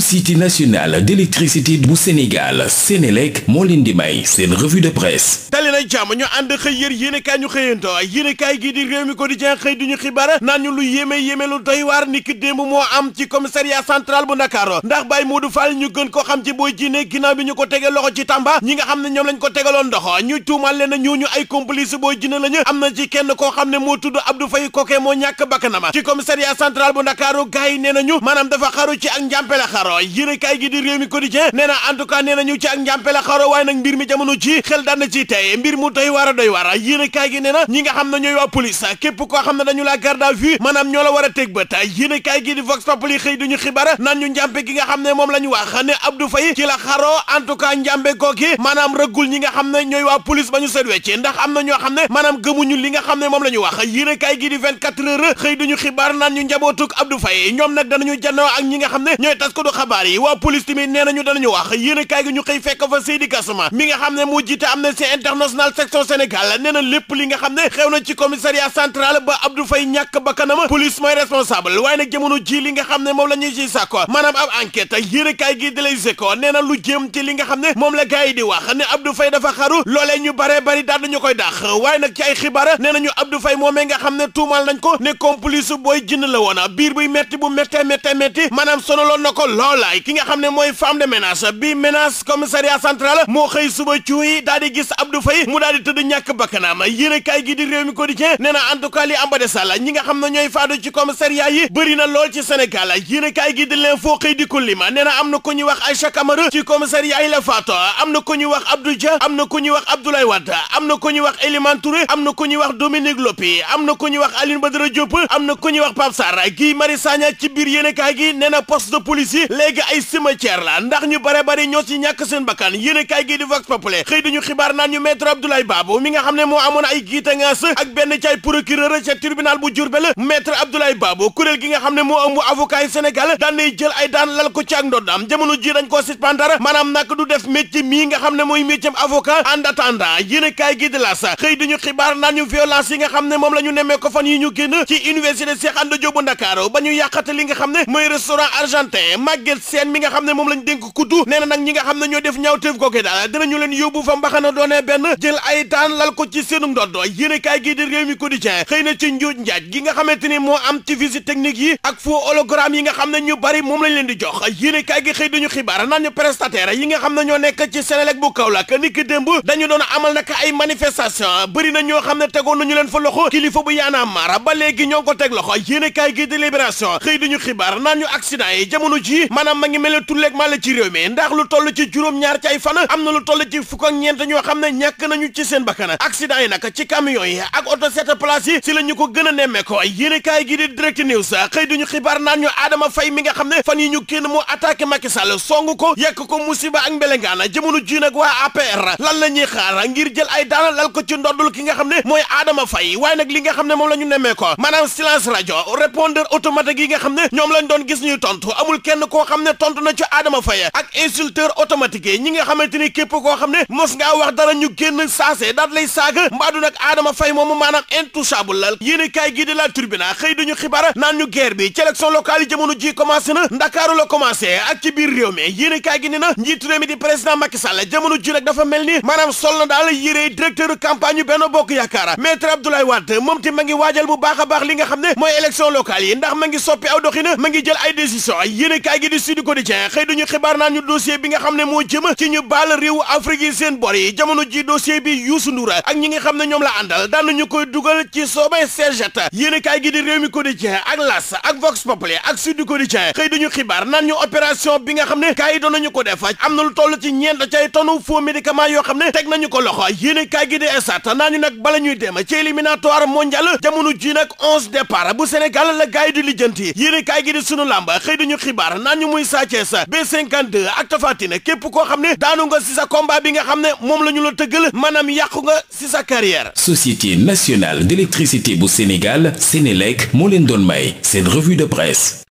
société nationale d'électricité bu Sénégal Sénélec moo leen di may seen revue de presse tali na jàmm ñu ànd xëy yër yéenekaay ñu xëyanto yéenekaay gi di réew mi quotidien xëy di ñu xibaar naan ñu lu yéeme yéeme lu doy waar niki démb moo am ci commissariat central bu Ndakaaru ndax Baye Modou Fall ñu gën ko xam ci Boy Djiné ginnaaw bi ñu ko tegee loxo ci Tamba ñi nga xam ne ñoom lañ ko loo ndox ñu tuumal leen ñooñu ay am na ci kenn koo xam ne moo tudd Abdou Faye Koké moo ñàkk bakkanam ci commissariat central bu Ndakaaru gars xaro yéene gi di réew mi quotidien nee na en tout cas ñu ci ak njàmpe la xaro waaye nag mbir mi jamono ci xel daan ci tey mbir mu doy waar a doy waar yéene kaay gi nee na ñi nga xam ne ñooy waa police képp koo xam ne dañu la garde à vue ñoo la war a bët yéene kaay gi di vox populi xëy duñu xibaar naan ñu njàmpe gi nga xam ne moom la wax ne Abdou Faye ci la xaro en tout cas njàmpe kooki rëggul ñi nga xam ne ñooy waa police ba ñu seet wecce ndax am na ñoo xam ne la taskatu xabaar yi waa police tamit nee nañu danañu wax yéen a gi ñu xëy fekk fa Seydi Gassama mi nga xam ne moo jiite Amnesty International section Sénégal nee na lépp li nga xam ne xew na ci commissariat central ba Abdou Faye ñàkk bakkanam police mooy responsable waaye nag jamono ji li nga xam ne moom la ñuy a di lay ne moom la gars dafa xaru loolee ñu bare bari daal dañu koy dàq waaye nag ci ay xibaar nee nañu Abdou Faye moomee nga xam ne tuumal nañ ko loola ki nga xam ne mooy femme de ménage bi ménage commissariat central moo xëy suba cuuy daal di gis Abdou Faye mu daal di tëdd ñàkk bakkanaam yéene kaay gi di réew mi quotidien nee na en tout cas li ñi nga xam ne ñooy faatu ci commissariat yi bëri na lool ci Sénégal yéene kaay gi di leen foo xëy di ko lima nee na am na ku ñuy wax Aïcha Camara ci commissariat yi la faatu am na ko ñuy wax Abdou am na ko ñuy wax Abdoulaye Wade am na ko ñuy wax Elimane Touré am na ku ñuy wax Dominique Lopi am na ku ñuy wax Aline Badara Diop am na ku ñuy wax Pape Sarr Guy Marius Sagna ci biir yéene gi nee na poste de police gi léegi ay cimetière la ndax ñu bare bari ñoo ci ñàkk seen bakan yéen a kaay gi di vox xëy di ñu xibaar naan ñu maître Abdoulaye Babou mi nga xam ne moo amoon ay giitangaas ak benn cay procureur ca tribunal bu Diourbel maître Abdoulaye Babou kuréel gi nga xam ne moo ëmb avocat yi Sénégal daan nay jël ay daan lal ko ci ak ndoddaam jamono ji ko koo suspendre maanaam nag du def métier mii nga xam ne mooy métier avocat en attendant yéen a kaay gi di la sa xëy di ñu xibaar naan ñu violence yi nga xam ne moom la ñu nemmee ko fan yi ñu génn ci université Cheikh Anta Diop bu Ndakaaru ñu yàqate li nga xam ne mooy restaurant argentin Maguette Sène mi nga xam ne moom lañ dénk kuddu nee na nag ñi nga xam ne ñoo def ñaawteef kooku daal dinañu leen yóbbu fa mbaxana doonee benn jël ay daan lal ko ci seenu ndodd yéene kaay gii di réew mi quotidien xëy na ci njuuj njaaj gi nga xamante ni moo am ci visite technique yi ak faux hologramme yi nga xam ne ñu bari moom lañ leen di jox yéene kaay gi xëy dañu xibaar naan ñu prestataire yi nga xam ne ñoo nekk ci Senelec a Kaolack niki démb amal nag ay manifestation bëri na ñoo xam ne tegoon nañu leen fa loxo kilifa bu yaana mara ba léegi ñoo ko teg loxo yéene kaay gi di libération xëy xibaar naan ñu yi jamono ji gi maanaam ma ngi mel ne tulleeg maa la ci réew mi ndax lu toll ci juróom-ñaar ci ay fan am na lu toll ci fukk ak ñoo xam ne ñàkk nañu ci seen bakkan accident yi nag ci camion yi ak oto sept places yi si la ko gën a nemmee ko yéene kaay gi di direct news xëy duñu xibaar naan ñu Adama Faye mi nga xam ne fan yi ñu kenn moo attaqué Macky Sall song ko yekk ko musiba ak mbelengaana jëmonu ji nag waa APR lan la ñuy xaar ngir jël ay daana ko ci ki nga xam ne mooy Adama Faye waaye nag li nga xam ne moom la ñu nemmee ko maanaam silence rajo répondeur nga xam ne ñoom lañ doon gis ñuy tontu amul kenn ko koo xam ne tontu na ci Adama Faye ak insulteur automatique yi ñi nga xamante ni képp koo xam ne mos nga wax dara ñu génn saase daat lay saaga mbaadu nag Adama Faye moomu maanaam intouchable la yéen kaay gii di la tribunal xëy duñu xibaar naan ñu guerre bi ci élection locale yi jamono ji commencé na Ndakaaru la commencé ak ci biir réew mi na njiitu réew mi di président Macky Sall jamono ji nag dafa mel ni maanaam sol na daal yére directeur campagne yu Benno Bokk Yaakaar maître Abdoulaye Wade moom te ma ngi waajal bu baax a baax li nga xam ne mooy élection locale yi ndax ma ngi soppi aw doxina ma ngi jël ay décision yéen kaay gi di Sud Quotidien xëy duñu xibaar naan ñu dossier bi nga xam ne moo jëm ci ñu baal réewu Afrique yi seen bor yi ji dossier bi Youssou Ndour ak ñi xam ne ñoom la àndal daan nañu koy dugal ci soobee CGT yéenekaay gi di Rewmi Quotidien ak L'As ak Vox Populi ak Sud Quotidien xëy duñu xibaar naan ñu opération bi nga xam ne kaay doon nañu ko def am na lu toll ci ñeent cay tonu faux médicament yoo xam ne teg nañu ko loxo yéenekaay gi di Stades naan ñu nag bala ñuy ñu muy Sa Thiès B52 ak Tapha Tine képp koo xam ne daanu nga si sa bi nga xam ne moom la ñu la tëggal maanaam yàqu nga si sa carrière Société nationale d'électricité bu Sénégal Sénélec moo leen doon may seen revue de presse